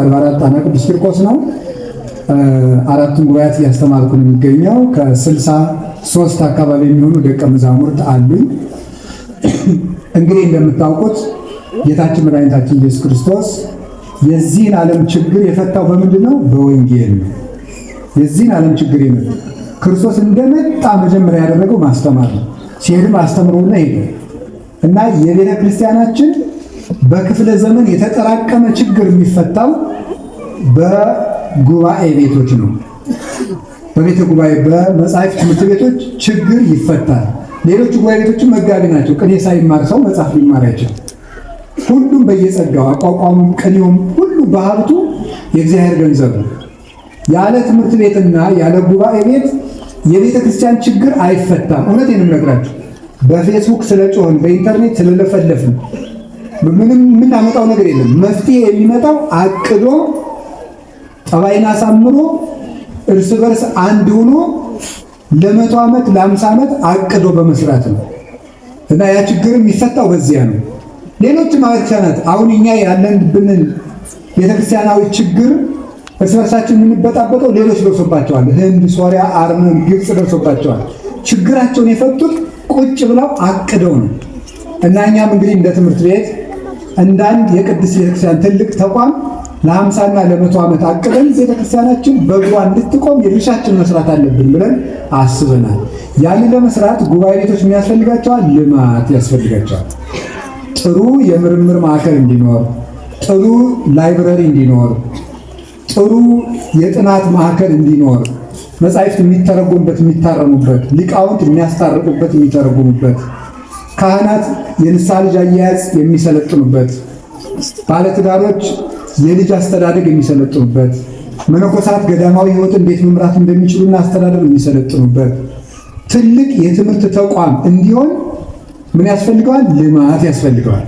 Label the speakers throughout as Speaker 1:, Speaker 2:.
Speaker 1: አድባራት ጣና ቅዱስ ቂርቆስ ነው። አራቱን ጉባኤያት እያስተማርኩ ነው የሚገኘው። ከስልሳ ሶስት አካባቢ የሚሆኑ ደቀ መዛሙርት አሉኝ። እንግዲህ እንደምታውቁት ጌታችን መድኃኒታችን ኢየሱስ ክርስቶስ የዚህን ዓለም ችግር የፈታው በምንድን ነው? በወንጌል ነው። የዚህን ዓለም ችግር የመጣ ክርስቶስ እንደመጣ መጀመሪያ ያደረገው ማስተማር ነው። ሲሄድም አስተምሮና ሄደ እና የቤተ ክርስቲያናችን በክፍለ ዘመን የተጠራቀመ ችግር የሚፈታው በጉባኤ ቤቶች ነው። በቤተ ጉባኤ በመጽሐፍ ትምህርት ቤቶች ችግር ይፈታል። ሌሎች ጉባኤ ቤቶችም መጋቢ ናቸው። ቅኔ ሳይማር ሰው መጽሐፍ ሊማር አይችል። ሁሉም በየጸጋው አቋቋሙም፣ ቅኔውም ሁሉ በሀብቱ የእግዚአብሔር ገንዘብ ነው። ያለ ትምህርት ቤትና ያለ ጉባኤ ቤት የቤተ ክርስቲያን ችግር አይፈታም። እውነቴን እነግራችሁ በፌስቡክ ስለጮህን በኢንተርኔት ስለለፈለፍን ምንም የምናመጣው ነገር የለም። መፍትሄ የሚመጣው አቅዶ ጠባይን አሳምሮ እርስ በርስ አንድ ሆኖ ለመቶ ዓመት ለአምሳ ዓመት አቅዶ በመስራት ነው እና ያ ችግር የሚፈታው በዚያ ነው። ሌሎች ማቻናት አሁን እኛ ያለንብንን ቤተክርስቲያናዊ ችግር እርስ በርሳችን የምንበጣበጠው ሌሎች ደርሶባቸዋል። ህንድ፣ ሶሪያ፣ አርመን፣ ግብፅ ደርሶባቸዋል። ችግራቸውን የፈቱት ቁጭ ብለው አቅደው ነው እና እኛም እንግዲህ እንደ ትምህርት ቤት እንደ አንድ የቅድስት ቤተክርስቲያን ትልቅ ተቋም ለሀምሳና ለመቶ ዓመት አቅደን ቤተክርስቲያናችን በእግሯ እንድትቆም የድርሻችን መስራት አለብን ብለን አስበናል። ያን ለመስራት ጉባኤ ቤቶች የሚያስፈልጋቸዋል፣ ልማት ያስፈልጋቸዋል። ጥሩ የምርምር ማዕከል እንዲኖር፣ ጥሩ ላይብረሪ እንዲኖር፣ ጥሩ የጥናት ማዕከል እንዲኖር፣ መጻሕፍት የሚተረጎምበት የሚታረሙበት፣ ሊቃውንት የሚያስታርቁበት የሚተረጉሙበት ካህናት የንስሐ ልጅ አያያዝ የሚሰለጥኑበት፣ ባለትዳሮች የልጅ አስተዳደግ የሚሰለጥኑበት፣ መነኮሳት ገዳማዊ ሕይወት እንዴት መምራት እንደሚችሉና አስተዳደር የሚሰለጥኑበት ትልቅ የትምህርት ተቋም እንዲሆን ምን ያስፈልገዋል? ልማት ያስፈልገዋል።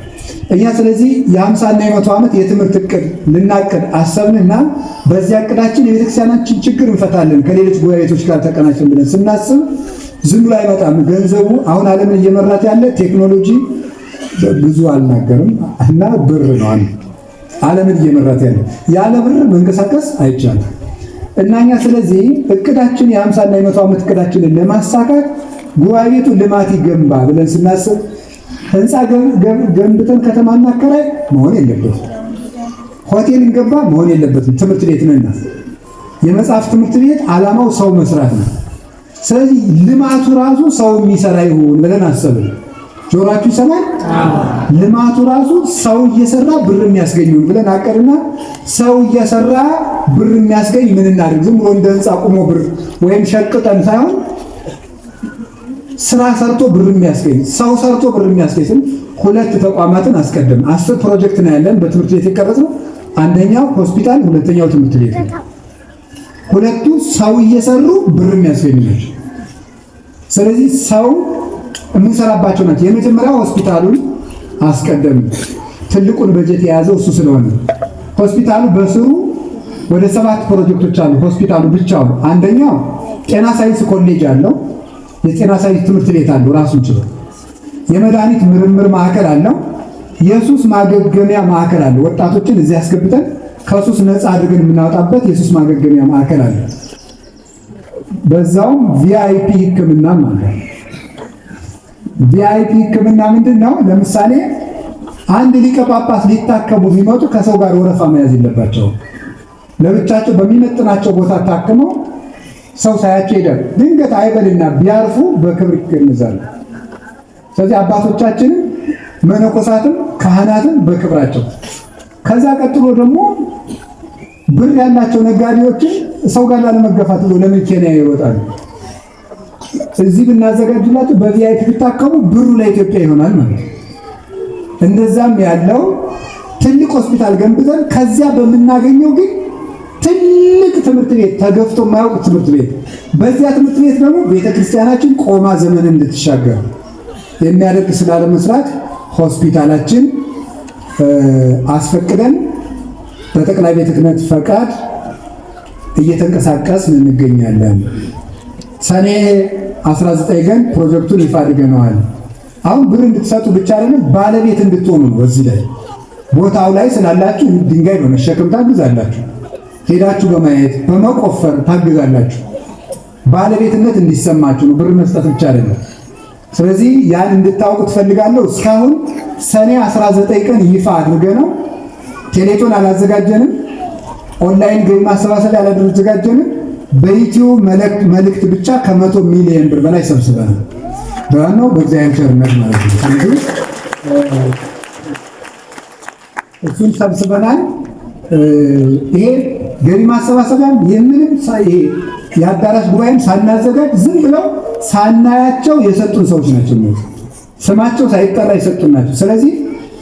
Speaker 1: እኛ ስለዚህ የሀምሳና የመቶ ዓመት የትምህርት እቅድ ልናቅድ አሰብንና በዚያ እቅዳችን የቤተክርስቲያናችን ችግር እንፈታለን ከሌሎች ጉባኤ ቤቶች ጋር ተቀናችን ብለን ስናስብ ዝም ብሎ አይመጣም ገንዘቡ። አሁን ዓለምን እየመራት ያለ ቴክኖሎጂ ብዙ አልናገርም እና ብር ነው ዓለምን እየመራት ያለ። ያለ ብር መንቀሳቀስ አይቻልም። እና እኛ ስለዚህ እቅዳችን የሀምሳና የመቶ ዓመት እቅዳችንን ለማሳካት ጉባኤ ቤቱ ልማት ይገንባ ብለን ስናስብ ህንፃ ገንብተን ከተማ እናከራይ መሆን የለበትም። ሆቴል እንገባ መሆን የለበትም። ትምህርት ቤት ነና የመጽሐፍ ትምህርት ቤት ዓላማው ሰው መስራት ነው። ስለዚህ ልማቱ ራሱ ሰው የሚሰራ ይሁን ብለን አሰብን። ጆሯችሁ ይሰማል። ልማቱ ራሱ ሰው እየሰራ ብር የሚያስገኝ ብለን አቀርና ሰው እየሰራ ብር የሚያስገኝ ምን እናድርግ? ዝም ብሎ እንደ ህንፃ ቁሞ ብር ወይም ሸቅጠን ሳይሆን ስራ ሰርቶ ብር የሚያስገኝ ሰው ሰርቶ ብር የሚያስገኝ ሁለት ተቋማትን አስቀድም። አስር ፕሮጀክት ነው ያለን በትምህርት ቤት የቀረጽ ነው። አንደኛው ሆስፒታል፣ ሁለተኛው ትምህርት ቤት ነው። ሁለቱ ሰው እየሰሩ ብር የሚያስገኝ ናቸው። ስለዚህ ሰው የምንሰራባቸው ናቸው። የመጀመሪያው ሆስፒታሉን አስቀደም ትልቁን በጀት የያዘው እሱ ስለሆነ ሆስፒታሉ በስሩ ወደ ሰባት ፕሮጀክቶች አሉ። ሆስፒታሉ ብቻው አንደኛው ጤና ሳይንስ ኮሌጅ አለው። የጤና ሳይንስ ትምህርት ቤት አለው ራሱን ችሎ። የመድኃኒት ምርምር ማዕከል አለው። የሱስ ማገገሚያ ማዕከል አለው። ወጣቶችን እዚህ አስገብተን ከሱስ ነፃ አድርገን የምናወጣበት የሱስ ማገገሚያ ማዕከል አለው። በዛውም ቪአይፒ ህክምና ማለት ቪአይፒ ህክምና ምንድን ነው? ለምሳሌ አንድ ሊቀ ጳጳስ ሊታከሙ ቢመጡ ከሰው ጋር ወረፋ መያዝ የለባቸው። ለብቻቸው በሚመጥናቸው ቦታ ታክመው ሰው ሳያቸው ሄደ ድንገት አይበልና ቢያርፉ በክብር ይገንዛሉ። ስለዚህ አባቶቻችንም መነኮሳትም ካህናትም በክብራቸው ከዛ ቀጥሎ ደግሞ ብር ያላቸው ነጋዴዎችን ሰው ጋር ላለመገፋት ብሎ ለምን ኬንያ ይወጣሉ? እዚህ ብናዘጋጅላችሁ በቪአይፒ ብታከሙ ብሩ ለኢትዮጵያ ይሆናል ማለት ነው። እንደዛም ያለው ትልቅ ሆስፒታል ገንብተን ከዚያ በምናገኘው ግን ትልቅ ትምህርት ቤት ተገፍቶ የማያውቅ ትምህርት ቤት፣ በዚያ ትምህርት ቤት ደግሞ ቤተክርስቲያናችን ቆማ ዘመን እንድትሻገር የሚያደርግ ስላለመስራት ሆስፒታላችን አስፈቅደን በጠቅላይ ቤተ ክህነት ፈቃድ እየተንቀሳቀስ እንገኛለን። ሰኔ 19 ቀን ፕሮጀክቱን ይፋ አድርገነዋል። አሁን ብር እንድትሰጡ ብቻ አይደለም ባለቤት እንድትሆኑ ነው። በዚህ ላይ ቦታው ላይ ስላላችሁ ድንጋይ ነው መሸከም ታግዛላችሁ። ሄዳችሁ በማየት በመቆፈር ታግዛላችሁ። ባለቤትነት እንዲሰማችሁ ነው፣ ብር መስጠት ብቻ አይደለም። ስለዚህ ያን እንድታውቁ ትፈልጋለሁ። እስካሁን ሰኔ 19 ቀን ይፋ አድርገ ነው። ቴሌቶን አላዘጋጀንም። ኦንላይን ገቢ ማሰባሰብ ያላደረጃጀንን በኢትዮ መልእክት ብቻ ከመቶ ሚሊዮን ብር በላይ ሰብስበናል። በዋናው በእግዚአብሔር ቸርነት ማለት ነው። ስለዚህ እሱን ሰብስበናል። ይሄ ገቢ ማሰባሰቢያም የምንም የአዳራሽ ጉባኤም ሳናዘጋጅ ዝም ብለው ሳናያቸው የሰጡን ሰዎች ናቸው። ስማቸው ሳይጠራ የሰጡን ናቸው። ስለዚህ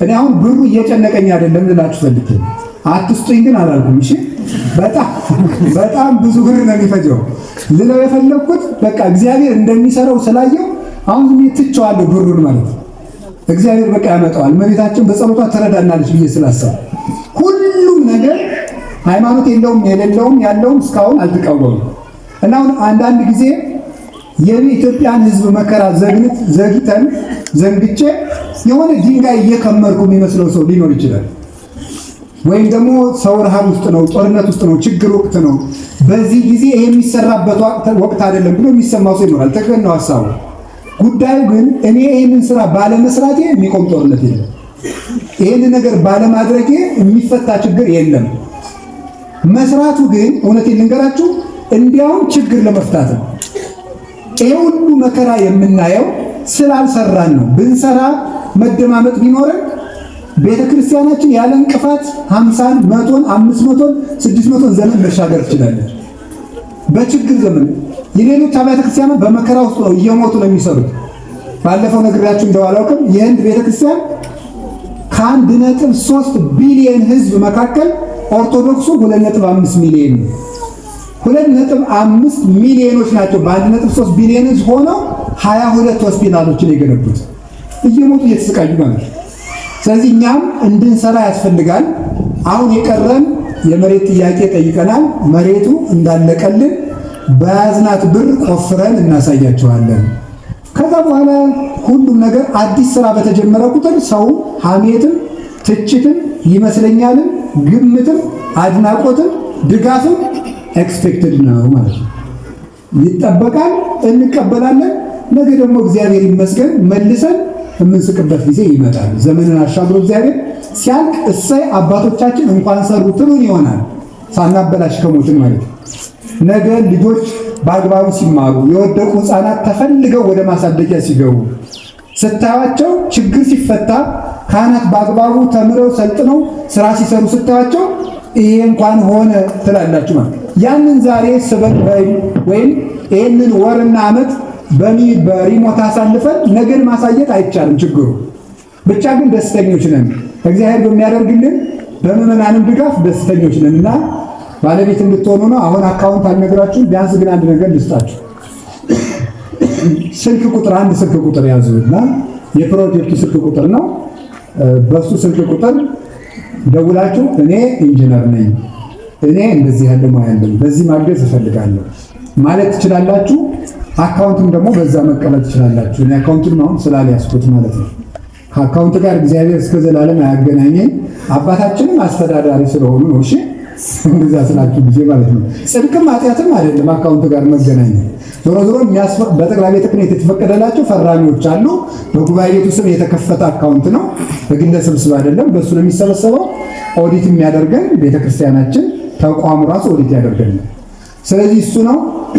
Speaker 1: እኔ አሁን ብሩ እየጨነቀኝ አይደለም ልላችሁ ፈልጌ አትስጡኝ ግን አላልኩም። እሺ በጣም በጣም ብዙ ብር ነው የሚፈጀው። ልለው የፈለግኩት በቃ እግዚአብሔር እንደሚሰራው ስላየው አሁን ዝም ትቸዋለሁ ብሩን ማለት እግዚአብሔር በቃ ያመጣዋል። እመቤታችን በጸሎቷ ትረዳናለች ብዬ ስላሰብ ሁሉም ነገር ሃይማኖት የለውም የሌለውም ያለውም እስካሁን አልተቃወሙ እና አሁን አንዳንድ ጊዜ የኢትዮጵያን ሕዝብ መከራ ዘግተን ዘንግቼ የሆነ ድንጋይ እየከመርኩ የሚመስለው ሰው ሊኖር ይችላል። ወይም ደግሞ ሰው ረሃብ ውስጥ ነው፣ ጦርነት ውስጥ ነው፣ ችግር ወቅት ነው፣ በዚህ ጊዜ ይሄ የሚሰራበት ወቅት አይደለም ብሎ የሚሰማው ሰው ይኖራል። ትክክል ነው ሀሳቡ። ጉዳዩ ግን እኔ ይህንን ስራ ባለመስራቴ የሚቆም ጦርነት የለም፣ ይህን ነገር ባለማድረጌ የሚፈታ ችግር የለም። መስራቱ ግን እውነቴን ልንገራችሁ እንዲያውም ችግር ለመፍታት ነው። ይሄ ሁሉ መከራ የምናየው ስላልሰራን ነው። ብንሰራ መደማመጥ ቢኖረን ቤተ ክርስቲያናችን ያለ እንቅፋት ሀምሳን መቶን አምስት መቶን ስድስት መቶን ዘመን መሻገር ትችላለች። በችግር ዘመን የሌሎች አብያተ ክርስቲያን በመከራ ውስጥ ነው እየሞቱ ነው የሚሰሩት። ባለፈው ነግሬያችሁ እንደዋላውቅም የህንድ ቤተ ክርስቲያን ከአንድ ነጥብ ሶስት ቢሊየን ህዝብ መካከል ኦርቶዶክሱ ሁለት ነጥብ አምስት ሚሊየን ነው። ሁለት ነጥብ አምስት ሚሊዮኖች ናቸው በአንድ ነጥብ ሶስት ቢሊዮን ህዝብ ሆነው ሀያ ሁለት ሆስፒታሎችን የገነቡት እየሞቱ እየተሰቃዩ ማለት ነው። ስለዚህ እኛም እንድንሰራ ያስፈልጋል። አሁን የቀረን የመሬት ጥያቄ ጠይቀናል። መሬቱ እንዳለቀልን በያዝናት ብር ቆፍረን እናሳያቸዋለን። ከዛ በኋላ ሁሉም ነገር አዲስ ስራ በተጀመረ ቁጥር ሰው ሐሜትም፣ ትችትም፣ ይመስለኛልም፣ ግምትም፣ አድናቆትም፣ ድጋፍም ኤክስፔክትድ ነው ማለት ነው። ይጠበቃል፣ እንቀበላለን። ነገ ደግሞ እግዚአብሔር ይመስገን መልሰን የምንስቅበት ጊዜ ይመጣል። ዘመንን አሻግሮ እግዚአብሔር ሲያልቅ እሰይ አባቶቻችን እንኳን ሰሩ ትሉን ይሆናል። ሳናበላሽ ከሞትን ማለት ነው። ነገ ልጆች በአግባቡ ሲማሩ፣ የወደቁ ህፃናት ተፈልገው ወደ ማሳደጊያ ሲገቡ ስታያቸው ችግር ሲፈታ ካህናት በአግባቡ ተምረው ሰልጥነው ስራ ሲሰሩ ስታያቸው ይሄ እንኳን ሆነ ትላላችሁ ማለት ያንን ዛሬ ስበን ወይም ይህንን ወርና ዓመት በሪሞት አሳልፈን ነገን ማሳየት አይቻልም። ችግሩ ብቻ ግን ደስተኞች ነን። እግዚአብሔር በሚያደርግልን በምዕመናንም ድጋፍ ደስተኞች ነን እና ባለቤት እንድትሆኑ ነው። አሁን አካውንት አልነግራችሁም። ቢያንስ ግን አንድ ነገር ልስጣችሁ። ስልክ ቁጥር አንድ ስልክ ቁጥር ያዙ እና የፕሮጀክቱ ስልክ ቁጥር ነው። በሱ ስልክ ቁጥር ደውላችሁ እኔ ኢንጂነር ነኝ፣ እኔ እንደዚህ ያለ ሙያ በዚህ ማገዝ እፈልጋለሁ ማለት ትችላላችሁ። አካውንቱን ደግሞ በዛ መቀበል ትችላላችሁ። እኔ አካውንቱን አሁን ስላልያዝኩት ማለት ነው። ከአካውንት ጋር እግዚአብሔር እስከ ዘላለም አያገናኘኝ አባታችንም አስተዳዳሪ ስለሆኑ ነው። እሺ እንደዛ ስላችሁ ጊዜ ማለት ነው። ጽድቅም ኃጢአትም አይደለም አካውንት ጋር መገናኘ ዞሮ ዞሮ በጠቅላይ ቤተ ክህነት የተፈቀደላቸው ፈራሚዎች አሉ። በጉባኤ ቤቱ ስም የተከፈተ አካውንት ነው። በግለሰብ ስም አይደለም። በእሱ ነው የሚሰበሰበው። ኦዲት የሚያደርገን ቤተክርስቲያናችን ተቋሙ ራሱ ኦዲት ያደርገን። ስለዚህ እሱ ነው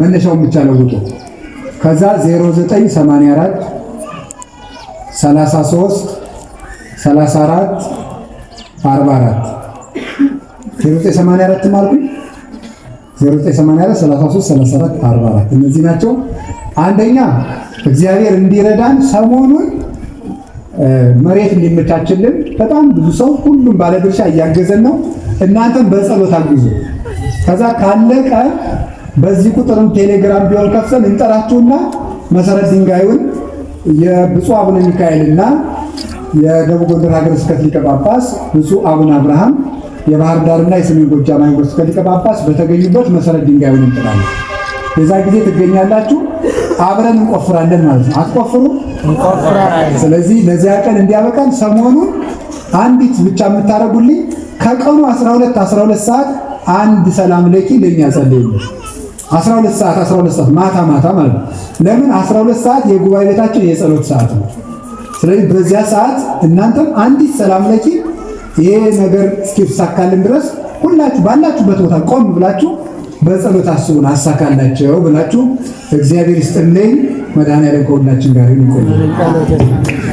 Speaker 1: መነሻውን ብቻ ለውጡ። ከዛ 0984 33 34 44 0984 ማለት 0984 33 34 44 እነዚህ ናቸው። አንደኛ እግዚአብሔር እንዲረዳን ሰሞኑን መሬት እንዲመቻችልን በጣም ብዙ ሰው ሁሉም ባለድርሻ እያገዘን ነው። እናንተም በጸሎት አግዙ። ከዛ ካለቀ በዚህ ቁጥርም ቴሌግራም ቢሆን ከፍተን እንጠራችሁና መሰረት ድንጋዩን የብፁዕ አቡነ ሚካኤልና የደቡብ ጎንደር ሀገረ ስብከት ሊቀ ጳጳስ ብፁዕ አቡነ አብርሃም የባህር ዳርና የሰሜን ጎጃም ሀገረ ስብከት ሊቀ ጳጳስ በተገኙበት መሰረት ድንጋዩን እንጥላለን። የዛ ጊዜ ትገኛላችሁ፣ አብረን እንቆፍራለን ማለት ነው። አትቆፍሩ። ስለዚህ ለዚያ ቀን እንዲያበቃን ሰሞኑን አንዲት ብቻ የምታደርጉልኝ ከቀኑ 12 12 ሰዓት አንድ ሰላም ለኪ ለእኛ ጸልዩልኝ። 12 ሰዓት 12 ሰዓት ማታ ማታ ማለት ነው። ለምን 12 ሰዓት የጉባኤ ቤታችን የጸሎት ሰዓት ነው። ስለዚህ በዚያ ሰዓት እናንተም አንዲት ሰላም ለኪ ይሄ ነገር እስኪሳካልን ድረስ ሁላችሁ ባላችሁበት ቦታ ቆም ብላችሁ በጸሎት አስቡን፣ አሳካላቸው ብላችሁ እግዚአብሔር ይስጥልኝ። መድኃኔዓለም ከሁላችን ጋር ይሁን።